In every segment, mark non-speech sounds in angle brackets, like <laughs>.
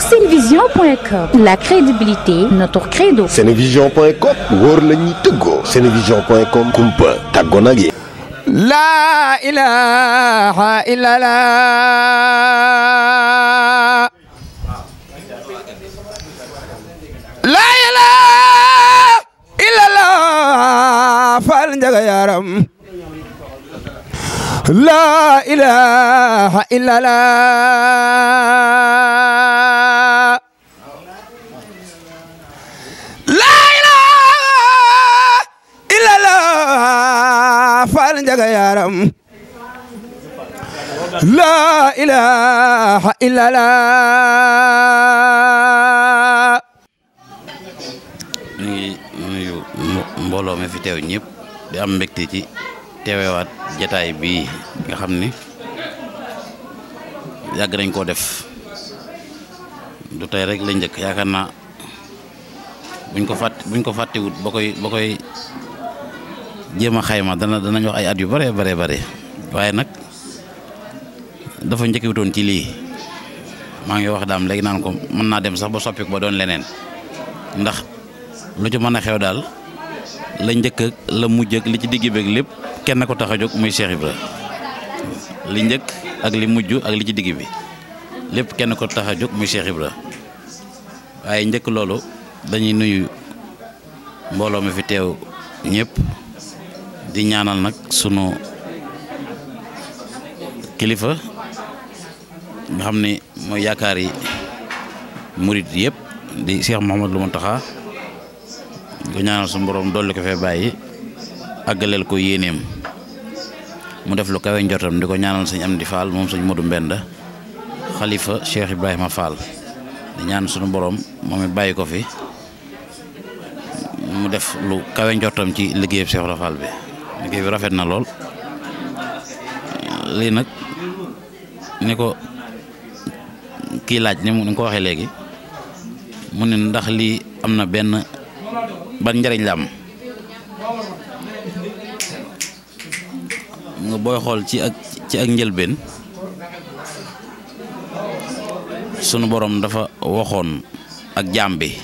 Senevision.com la crédibilité notre credo. Senevision.com wóor la ñuy tëggoo. Senevision.com kumpa tàggoo La La ila la. La La illa la. la. La Tuuba ilaaha illallaah ñu ngi nuyu mbooloo mi fi teew ñëpp di am mbégte ci teewewaat jataay bii nga xam ni yàgg nañ koo def du tey rek la njëkk yaakaar naa buñ ko fàtt buñ ko fàttewut ba koy ba jéem a xayma dana danañ wax ay at yu bare bare bare waaye nag dafa njëkk njëkkiwutoon ci lii maa ngi wax daam léegi naan ko mën naa dem sax ba soppiku ba doon leneen ndax lu ci mën a xew daal la njëkk ak la mujj ak li ci digg lépp kenn ko tax a jóg muy Cheikh Ibra li njëkk ak li mujj ak li ci digg bi lépp kenn ko tax a jóg muy Cheikh Ibra waaye njëkk loolu dañuy nuyu mbooloo mi fi teew ñépp di ñaanal nag sunu kilifa nga xam ne mooy yaakaar yi murit yépp di Cheikh Mouhamadou Mountakha ko ñaanal suñu borom dolli ko fee bàyyi àggaleel ko yéeneem mu def lu kawe njortam di ko ñaanal sëñ Amdi Fall moom sëñ Modou Mbenda xalifa Cheikh Ibrahima Fall di ñaan sunu boroom moom it bàyyi ko fi mu def lu kawe njortam ci liggéeyam Cheikh Ibra bi liggéey bi rafet na lool lii nag ni ko kii laaj ni mu ni ko waxee léegi mu ne ndax lii am na benn ban njariñ la am nga booy xool ci ak ci ak njëlbeen sunu borom dafa waxoon ak jaam bi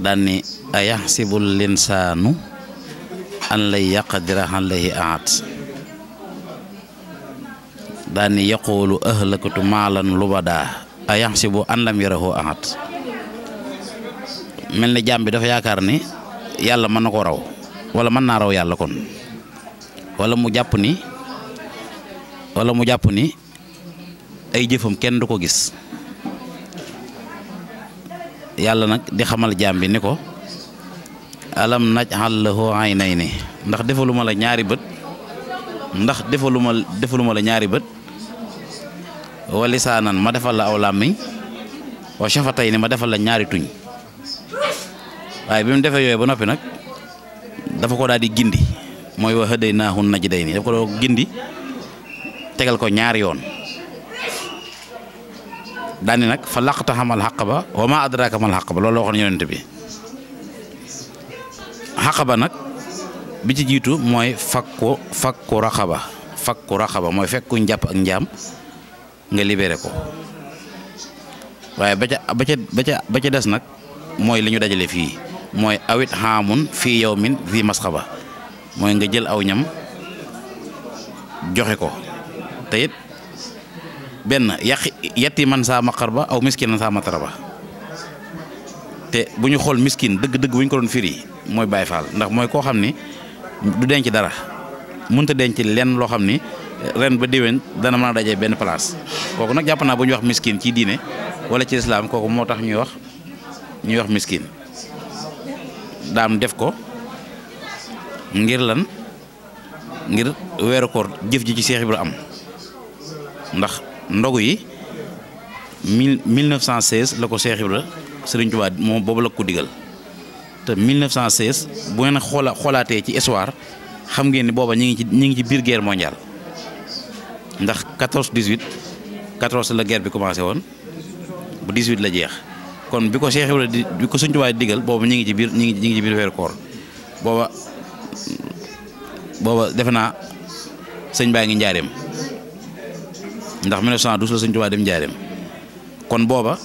daan ni an lay yaqdira alayhi ahad daani yaquulu maalan lubadaa a yaxsibu an lam yarahu ahad mel ni jàmbi bi dafa yaakaar ni yàlla mën na ko raw wala mën naa raw yàlla kon wala mu jàpp ni wala mu jàpp ni ay jëfam kenn du ko gis yàlla nag di xamal jaam bi ni ko alam naj'al nay ni ndax defaluma la ñaari bët ndax defaluma defaluma la ñaari bët wa lisaanan ma defal la aw làmmiñ wa shafatayni ma defal la ñaari tuñ waaye bi mu defee yooyu ba noppi nag dafa ko daal di gindi mooy wa hadaynaahu najdayni dafa ko gindi tegal ko ñaari yoon daani nag fa laqta xamal xaq ba wa ma adraka mal xaq ba loolu waxoon yonent bi xaqaba nag bi ci jiitu mooy fakku fakku raxaba fakku raxaba mooy fekku njàpp ak njaam nga libeere ko waaye ba ca ba ca des nag mooy li ñu dajale fii mooy awit xaamun fii yow min fii masxaba mooy nga jël aw ñam joxe ko te it benn yàq yetti man saa maqar ba aw miskinan sa matara ba te bu ñu xool miskin dëgg-dëgg bu ñu ko doon firi mooy Baye Fall ndax mooy koo xam ni du denc dara mënta denc lenn loo xam ni ren ba déwén dana mën dajee benn place kooku nag jàpp naa bu ñuy wax miskin ci diine wala ci lislaam kooku moo tax ñuy wax ñuy wax miskin daam def ko ngir lan ngir weeru koor jëf ji ci Seex Ibra am ndax ndogu yi mille mille neuf cent seize la ko Seex Ibra Sëriñ Tuubaa moom boobu la ko digal te 1916 bu ngeen xoola xoolaatee ci histoire xam ngeen ni booba ñu ngi ci ñu ngi ci biir guerre mondiale ndax 14 18 14 la guerre bi commencé woon bu 18 la jeex kon bi ko Cheikh di bi ko Sëñ Tuubaa diggal booba ñu ngi ci biir ñu ngi ñu ngi ci biir weeru koor booba booba defe naa sëñ baa ngi njaareem ndax 1912 la Sëñ Tuubaa dem njaareem kon booba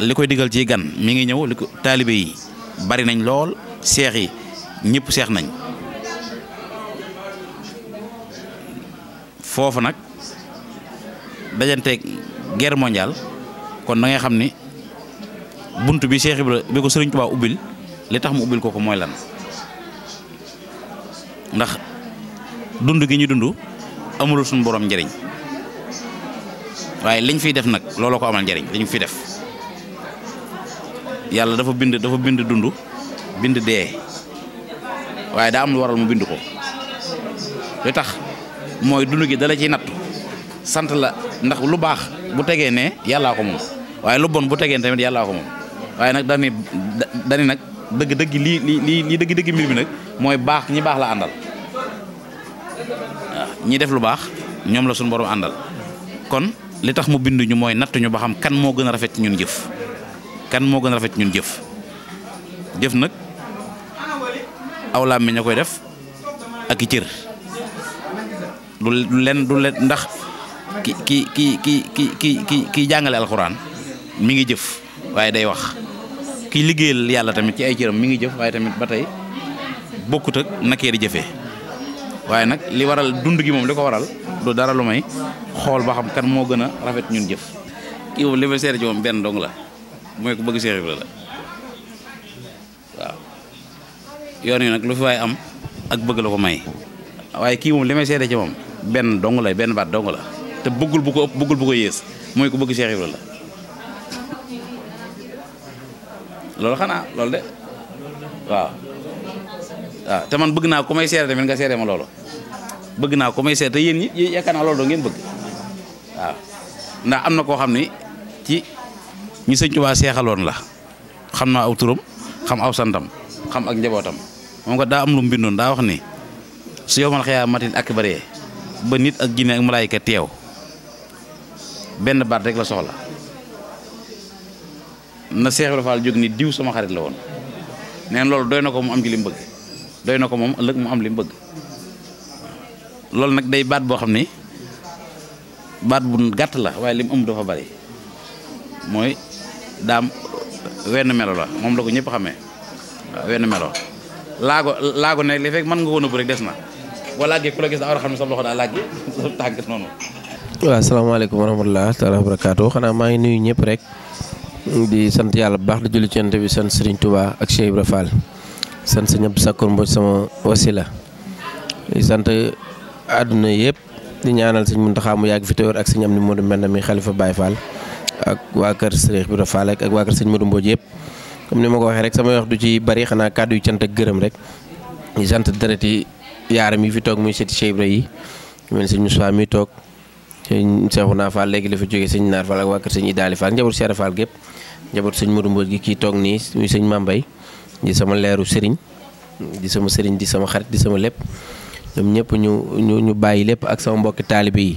li koy diggal ci gan mi ngi ñëw li ko taalibe yi. bari nañ lool seex yi ñëpp seex nañ foofu nag dajanteeg guerre mondiale kon da ngay xam ni bunt bi Seex Ibra bi ko Sëriñ Tuubaa ubbil li tax mu ubbil ko ko lan ndax dund gi ñu dund amulul suñu boroom njëriñ waaye liñ fiy def nag looloo ko amal njëriñ liñ fiy def yalla dafa bind dafa bind dundu bind de waye da am lu waral mu bind ko li tax moy dund gi dala ci nattu sant la ndax lu bax bu tege ne yalla ko mom waye lu bon bu tege tamit yalla ko mom waye nak dani dani nak deug deug li li li deug deug mbir bi nak moy bax ñi bax la andal ñi def lu bax ñom la sun borom andal kon li tax mu bind ñu nat ñu ba xam kan mo gëna rafet ci ñun jëf kan moo gën a rafet ñun jëf jëf nag aw làmmiñ ña koy def ak i cër du len du len ndax ki ki ki ki ki ki ki ki jàngale alxuraan mi ngi jëf waaye day wax ki liggéeyal yàlla tamit ci ay cëram mi ngi jëf waaye tamit ba tey bokkut ak nakee di jëfee waaye nag li waral dund gi moom li ko waral du dara lu may xool ba xam kan moo gën a rafet ñun jëf kii moom li ma seere benn dong la mooy ku bëgg Cheikh Ibra la waaw yoon yi nag lu fi waaye am ak bëgg la ko may waaye kii moom li may seede ci moom benn dong lay benn baat dong la te bëggul bu ko ëpp bëggul bu ko yées mooy ku bëgg Cheikh Ibra la loolu xanaa loolu de waaw waaw te man bëgg naa ku may seede tamit nga seede ma loolu bëgg naa ku may seede te yéen ñi yaakaar naa loolu doo ngeen bëgg waaw ndax am na koo xam ni ci ñi sëñ Tuubaa seexaloon la xam naa aw turam xam aw santam xam ak njabootam moom ko daa am lu mu daa wax ni su yomal xiyaamatin ak bare ba nit ak jinne ak malaayika teew benn baat rek la soxla na Seex Ibra Faal jóg ni diw sama xarit la woon neen loolu doy na ko mu am ci li bëgg doy na ko moom ëllëg mu am lim mu bëgg loolu nag day baat boo xam ni baat bu gàtt la waaye li mu ëmb dafa bari mooy daam wenn melo la moom la ko ñëpp xamee wenn melo laago laago ne li fekk mën nga ko nëbb rek des na boo laajee ku la gis daa war a xam ne sa loxo daa laajee <laughs> sa tànk noonu. waaw asalaamaaleykum wa rahmatulah taala wa barakaatu xanaa maa ngi nuyu ñëpp rek di sant yàlla bu baax di julli ci bi sant Serigne ak Cheikh Ibra Fall sa ñëpp Sakkoor Mbodj sama wasila di sant àdduna yëpp di ñaanal sëñ Muntaxa mu yàgg fi teewer ak sëñ am ni moo di mel mi xalifa Baye faal ak waa kër Serigne Ibra Fall ak waa kër sëñ Modou Mbodj yëpp comme ni ma ko waxee rek sama wax du ci bari xanaa kàddu yu cant ak gërëm rek ñu sant yi yaaram yi fi toog muy sëti Cheikh Ibra yi mel sëñ Moussa mi toog sëñ Cheikhouna Fall léegi la fa sëñ Naar Fall ak waa kër sëñ Idaali Fall njaboot Cheikh Fall gépp njaboot sëñ Modou Mbodj gi kii toog nii muy sëñ Mambay di sama leeru sëriñ di sama sëriñ di sama xarit di sama lépp ñoom ñëpp ñu ñu ñu bàyyi lépp ak sama mbokki taalibe yi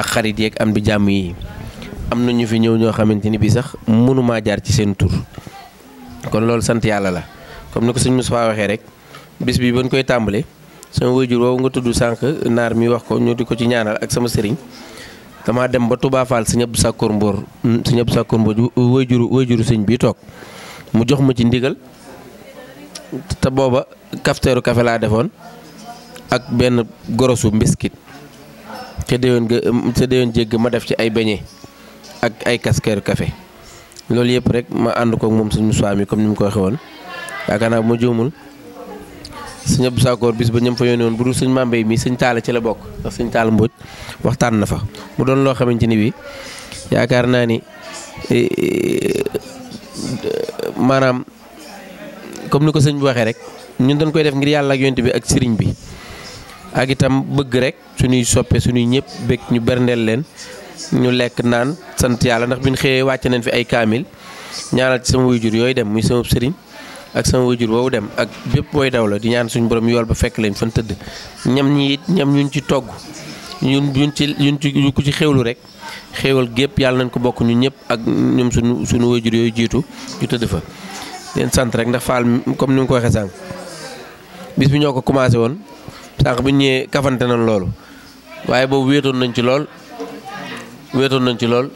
ak xarit yeeg am bi jàmm yi am ñu fi ñew ño xamanteni bi sax mënumaa jaar ci seen tour kon lool sant yalla la comme ni seigne Moussa rek bis bi bañ koy tambalé sama waajur woowu nga tuddu sank nar mi wax ko ñu diko ci ñaanal ak sama serigne dama dem ba Touba Fall seigne abou sakour Mbour seigne abou sakour Mbour waajuru waajuru seigne bi tok mu jox ma ci ndigal ta boba cafeteru kafe la defoon ak ben gorosu biscuit te deewon ge te déwén ma def ci ay beñe ak ay casqueur café loolu yëpp rek ma ànd kook mom suñu swami comme nim ko waxe won yakana mu bu suñu bu sëñ Abdou Sakor bis ba ñam fa yónnee won bu dul Mambey mi suñu Talla ci la bok sax suñu Talla Mbodj waxtaan na fa mu doon lo xamanteni bi yakar naa ni e, e, manam comme niko ko sëñ bi waxee rek ñun dañ koy def ngir yalla ak yonent bi ak serigne bi ak itam bëgg rek suñuy soppé suñuy ñëpp bëgg ñu berndeel leen ñu lekk naan sant yàlla ndax bi ñu xëyee wàcce nañ fi ay kaamil ñaanal ci sama wayjur yooyu dem muy sama sëriñ ak sama wayjur boobu dem ak bépp booy daw la di ñaan suñu borom yool ba fekk leen fan tëdd ñam ñi it ñam ñun ci togg ñun ñu ci ñun ci ku ci xéwlu rek xéwal gépp yàlla nañ ko bokk ñun ñëpp ak ñoom suñu suñu wayjur yooyu jiitu ñu tëdd fa leen sant rek ndax faal comme ni nga ko waxee sànq bis bi ñoo ko commencé woon sànq bi ñëwee kafante nañ loolu waaye weetoon nañ ci lool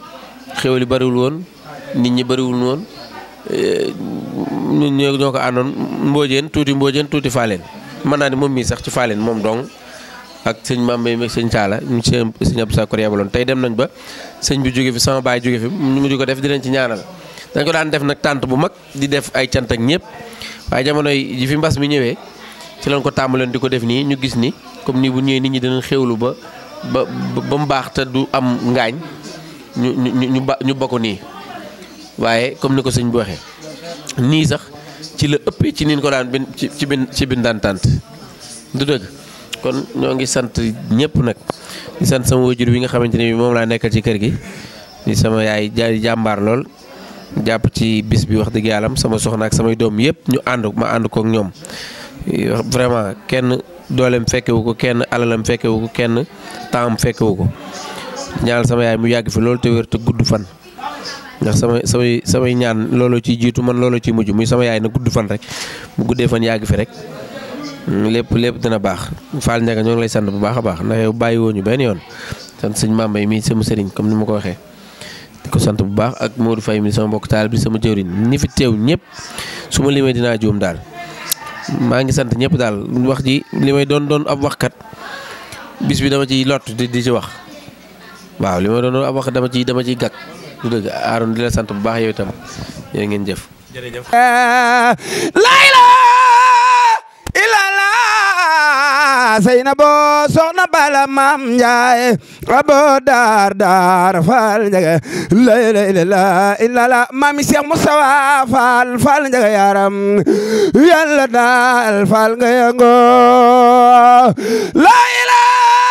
xéwal yi bëriwul woon nit ñi bëriwul woon eh, ñun ñoo ko àndoon mboojeen tuuti mboojeen tuuti faaleen mën naa ne moom mii sax ci faaleen moom dong ak sëñ Mame may meeg sëñ Talla ñu sëñ sëñ Abdou Sakor yebaloon tey dem nañ ba sëñ bi jóge fi sama baay jóge fi ñu mujj ko def di leen ci ñaanal dañ ko daan def nag tànt bu mag di def ay cant ak ñëpp waaye jamono yi fi mbas mi ñëwee ci lañ ko leen di ko def nii ñu gis ni comme nii bu ñëwee nit ñi dinañ xéwlu ba ba ba mu baax te du am ngaañ ñu ñu ñu ba ñu bokk nii waaye comme ni ko sëñ bi waxee nii sax ci la ëpp ci nin ko daan bin ci ci bin ci bin daan tànt du dëgg kon ñoo ngi sant ñëpp nag di sant sama wajur wi nga xamante ne bi moom laa nekkal ci kër gi di sama yaay jaay jàmbaar lool jàpp ci bis bi wax dëgg yàlla sama soxna ak samay doom yëpp ñu ànd ma ànd kook ñoom vraiment kenn. doole mu fekkewu ko kenn alala alalam fekkewu ko kenn temps mu fekkewu ko ñaanal sama yaay mu yàgg fi loolu te wér te gudd fan ndax sama samay samay ñaan looloo ciy jiitu man looloo ciy mujj muy sama yaay na gudd fan rek mu guddee fan yàgg fi rek mm, lépp lépp dina baax Fall Ndiaga ñoo ngi lay sant bu baax a baax ndax yow bàyyi woo ñu benn yoon sant sëñ Mamba yi mii sama sëriñ comme ni ma ko waxee di ko sant bu baax ak Modou Faye mi sama mbokk taal bi sama jëwriñ ñi fi teew ñëpp su ma limee dinaa juum daal. maa ngi sant ñëpp daal wax ji li may doon doon ab waxkat bis bi dama ciy lott di di ci wax waaw li may doon doon ab wax dama ciy dama ciy gàkk du dëgg aaroon di la sant bu baax yow itam yéen ngeen jëf jërëjëf eh, yaa Seynabo soxna bala maam Njaay abo daar daar faal njege la ilaha illallah maam Seex Musaa faal faal njege yaram yàlla daal faal nga yango la ilaha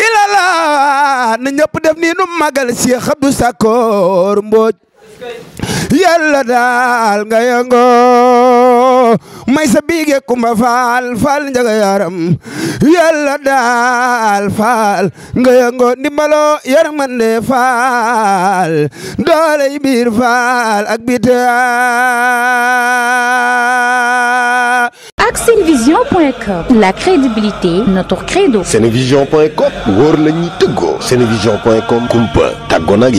illallah na ñëpp def ni nu magal Seex Abdu Sakoor Mbooj yàlla daal nga yëngo may sa biige faal faal njaga yaram yàlla daal faal nga yëngo ndimbalo yërmande faal doole yi biir faal ak bite ak senevision.com la crédibilité notre credo senevision.com wóor la ñuy tëggoo senevision.com kumpa tàggoo nag